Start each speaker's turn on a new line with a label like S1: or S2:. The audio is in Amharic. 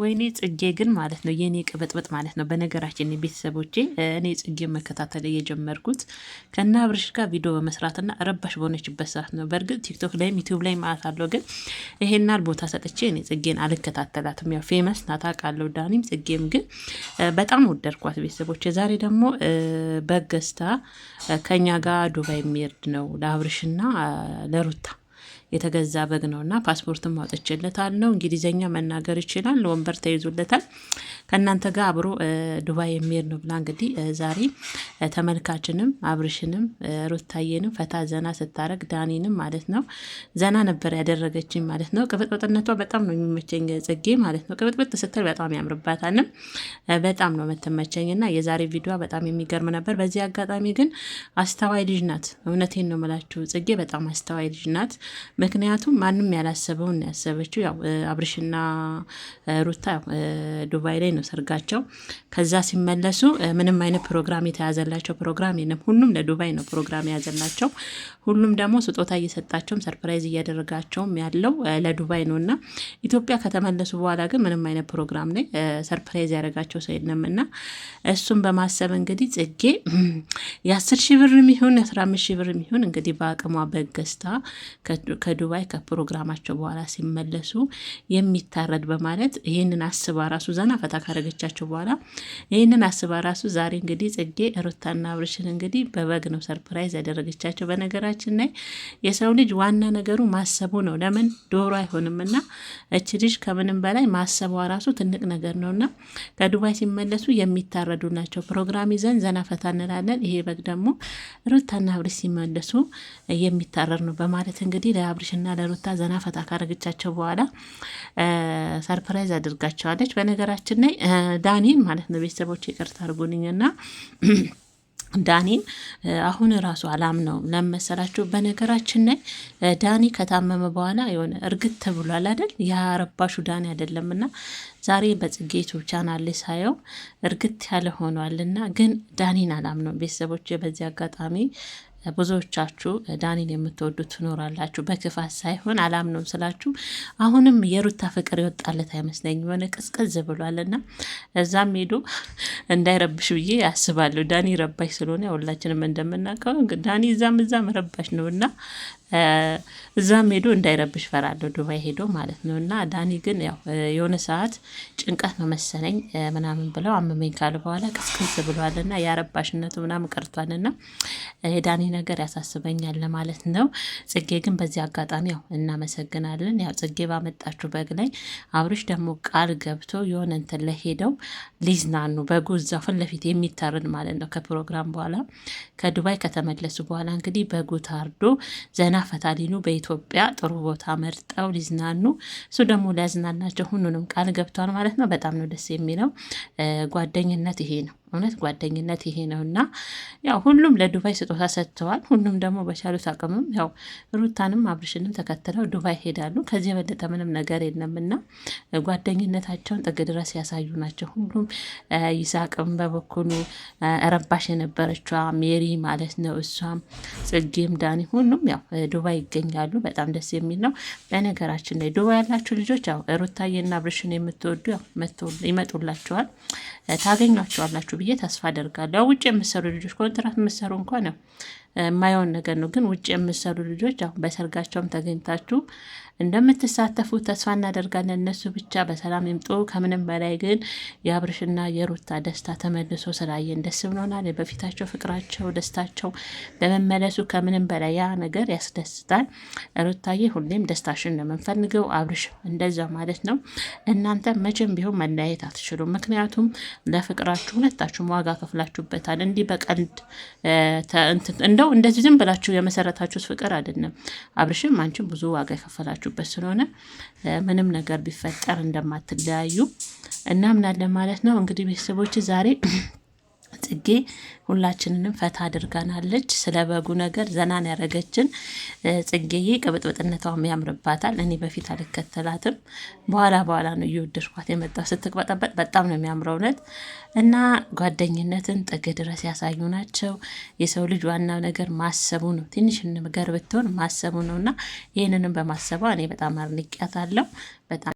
S1: ወይኔ ጽጌ ግን ማለት ነው የእኔ ቅብጥብጥ ማለት ነው። በነገራችን ቤተሰቦቼ እኔ ጽጌ መከታተል የጀመርኩት ከና አብርሽ ጋር ቪዲዮ በመስራትና ረባሽ በሆነችበት ሰዓት ነው። በእርግጥ ቲክቶክ ላይም ዩቲዩብ ላይ ማለት አለው፣ ግን ይሄናል ቦታ ሰጥቼ እኔ ጽጌን አልከታተላትም። ያው ፌመስ ናት አውቃለሁ። ዳኒም ጽጌም ግን በጣም ወደድኳት ቤተሰቦቼ። ዛሬ ደግሞ በገዝታ ከኛ ጋር ዱባይ የሚሄድ ነው ለአብርሽና ለሩታ የተገዛ በግ ነው እና ፓስፖርትም አውጥቼለታለሁ። እንግሊዝኛ መናገር ይችላል። ወንበር ተይዞለታል። ከእናንተ ጋር አብሮ ዱባይ የሚሄድ ነው ብላ እንግዲህ ዛሬ ተመልካችንም አብርሽንም ሩታዬንም ፈታ ዘና ስታረግ ዳኒንም ማለት ነው ዘና ነበር ያደረገችኝ ማለት ነው። ቅብጥብጥነቷ በጣም ነው የሚመቸኝ ጽጌ ማለት ነው። ቅብጥብጥ ስትል በጣም ያምርባታልም በጣም ነው የምትመቸኝ እና የዛሬ ቪዲዮ በጣም የሚገርም ነበር። በዚህ አጋጣሚ ግን አስተዋይ ልጅ ናት። እውነቴን ነው የምላችሁ ጽጌ በጣም አስተዋይ ልጅ ናት። ምክንያቱም ማንም ያላሰበውን ያሰበችው ያው አብርሽና ሩታ ዱባይ ላይ ነው ሰርጋቸው። ከዛ ሲመለሱ ምንም አይነት ፕሮግራም የተያዘላቸው ፕሮግራም የለም። ሁሉም ለዱባይ ነው ፕሮግራም የያዘላቸው። ሁሉም ደግሞ ስጦታ እየሰጣቸውም ሰርፕራይዝ እያደረጋቸውም ያለው ለዱባይ ነው እና ኢትዮጵያ ከተመለሱ በኋላ ግን ምንም አይነት ፕሮግራም ላይ ሰርፕራይዝ ያደረጋቸው ሰው የለም እና እሱን በማሰብ እንግዲህ ጽጌ የአስር ሺህ ብር የሚሆን የአስራ አምስት ሺህ ብር የሚሆን እንግዲህ በአቅሟ በገዝታ ከዱባይ ከፕሮግራማቸው በኋላ ሲመለሱ የሚታረድ በማለት ይህንን አስባ ራሱ ዘና ፈታ ካረገቻቸው በኋላ ይህንን አስባ ራሱ ዛሬ እንግዲህ ጽጌ ሩታና አብርሽን እንግዲህ በበግ ነው ሰርፕራይዝ ያደረገቻቸው። በነገራችን ላይ የሰው ልጅ ዋና ነገሩ ማሰቡ ነው። ለምን ዶሮ አይሆንም እና እች ልጅ ከምንም በላይ ማሰቧ ራሱ ትልቅ ነገር ነው እና ከዱባይ ሲመለሱ የሚታረዱ ናቸው። ፕሮግራም ይዘን ዘና ፈታ እንላለን። ይሄ በግ ደግሞ ሩታና አብርሽ ሲመለሱ የሚታረድ ነው በማለት እንግዲህ ና ለሩታ ዘና ፈታ ካረገቻቸው በኋላ ሰርፕራይዝ አድርጋቸዋለች። በነገራችን ላይ ዳኒን ማለት ነው ቤተሰቦች ይቅርታ አድርጉልኝና ዳኒን አሁን ራሱ አላም ነው ለመሰላችሁ። በነገራችን ላይ ዳኒ ከታመመ በኋላ የሆነ እርግጥ ተብሏል አይደል? ያረባሹ ዳኒ አይደለምና ዛሬ በጽጌ ዩቱብ ቻናል ሳየው እርግት ያለ ሆኗልና ግን ዳኒን አላምነው። ቤተሰቦች በዚህ አጋጣሚ ብዙዎቻችሁ ዳኒን የምትወዱ ትኖራላችሁ። በክፋት ሳይሆን አላምነውም ስላችሁ አሁንም የሩታ ፍቅር ይወጣለት አይመስለኝም። የሆነ ቅዝቅዝ ብሏልና እዛም ሄዶ እንዳይረብሽ ብዬ አስባለሁ። ዳኒ ረባሽ ስለሆነ ሁላችንም እንደምናውቀው ዳኒ እዛም እዛም ረባሽ ነው እና እዛም ሄዶ እንዳይረብሽ ፈራለሁ፣ ዱባይ ሄዶ ማለት ነው። እና ዳኒ ግን ያው የሆነ ሰዓት ጭንቀት ነው መሰለኝ ምናምን ብለው አመመኝ ካለ በኋላ ቅስቅስ ብሏል። እና ያረባሽነቱ ምናምን ቀርቷል። እና የዳኒ ነገር ያሳስበኛል ለማለት ነው። ጽጌ ግን በዚህ አጋጣሚ ያው እናመሰግናለን። ያው ጽጌ ባመጣችሁ በግ ላይ አብርሽ ደግሞ ቃል ገብቶ የሆነ እንትን ለሄደው ሊዝናኑ በጉ እዛው ፊት ለፊት የሚታረድ ማለት ነው። ከፕሮግራም በኋላ ከዱባይ ከተመለሱ በኋላ እንግዲህ በጉ ታርዶ ዘና ዘና ፈታ ሊሉ በኢትዮጵያ ጥሩ ቦታ መርጠው ሊዝናኑ እሱ ደግሞ ሊያዝናናቸው ሁሉንም ቃል ገብቷል ማለት ነው። በጣም ነው ደስ የሚለው ጓደኝነት ይሄ ነው። እውነት ጓደኝነት ይሄ ነው እና ያው ሁሉም ለዱባይ ስጦታ ሰጥተዋል። ሁሉም ደግሞ በቻሉት አቅምም ያው ሩታንም አብርሽንም ተከትለው ዱባይ ይሄዳሉ። ከዚህ የበለጠ ምንም ነገር የለምና ጓደኝነታቸውን ጥግ ድረስ ያሳዩ ናቸው። ሁሉም ይሳቅም በበኩሉ ረባሽ የነበረቿ ሜሪ ማለት ነው እሷም፣ ጽጌም፣ ዳኒ ሁሉም ያው ዱባይ ይገኛሉ። በጣም ደስ የሚል ነው። በነገራችን ላይ ዱባይ ያላችሁ ልጆች ያው ሩታዬና አብርሽን የምትወዱ ያው ይመጡላቸዋል፣ ታገኟቸዋላችሁ ብዬ ተስፋ አደርጋለሁ። ውጭ የምሰሩ ልጆች ኮንትራት የምሰሩ እንኳ ነው የማይሆን ነገር ነው። ግን ውጭ የምሰሩ ልጆች አሁን በሰርጋቸውም ተገኝታችሁ እንደምትሳተፉ ተስፋ እናደርጋለን። እነሱ ብቻ በሰላም ይምጡ። ከምንም በላይ ግን የአብርሽና የሩታ ደስታ ተመልሶ ስላየን ደስ ብሎናል። በፊታቸው ፍቅራቸው፣ ደስታቸው በመመለሱ ከምንም በላይ ያ ነገር ያስደስታል። ሩታዬ ሁሌም ደስታሽን ነው የምንፈልገው፣ አብርሽ እንደዛው ማለት ነው። እናንተ መቼም ቢሆን መለያየት አትችሉም። ምክንያቱም ለፍቅራችሁ ሁለታችሁም ዋጋ ከፍላችሁበታል። እንዲህ በቀልድ እንደ ያው እንደዚህ ዝም ብላችሁ የመሰረታችሁት ፍቅር አይደለም። አብርሽም አንቺም ብዙ ዋጋ የከፈላችሁበት ስለሆነ ምንም ነገር ቢፈጠር እንደማትለያዩ እናምናለን ማለት ነው። እንግዲህ ቤተሰቦች ዛሬ ጽጌ ሁላችንንም ፈታ አድርጋናለች። ስለ በጉ ነገር ዘናን ያደረገችን ጽጌዬ ቅብጥብጥነቷም ያምርባታል። እኔ በፊት አልከተላትም፣ በኋላ በኋላ ነው እየወደድኳት የመጣው። ስትቅበጠበጥ በጣም ነው የሚያምረው እውነት እና ጓደኝነትን ጥግ ድረስ ያሳዩ ናቸው። የሰው ልጅ ዋናው ነገር ማሰቡ ነው። ትንሽ ነገር ብትሆን ማሰቡ ነው እና ይህንንም በማሰቧ እኔ በጣም አድንቄያታለሁ በጣም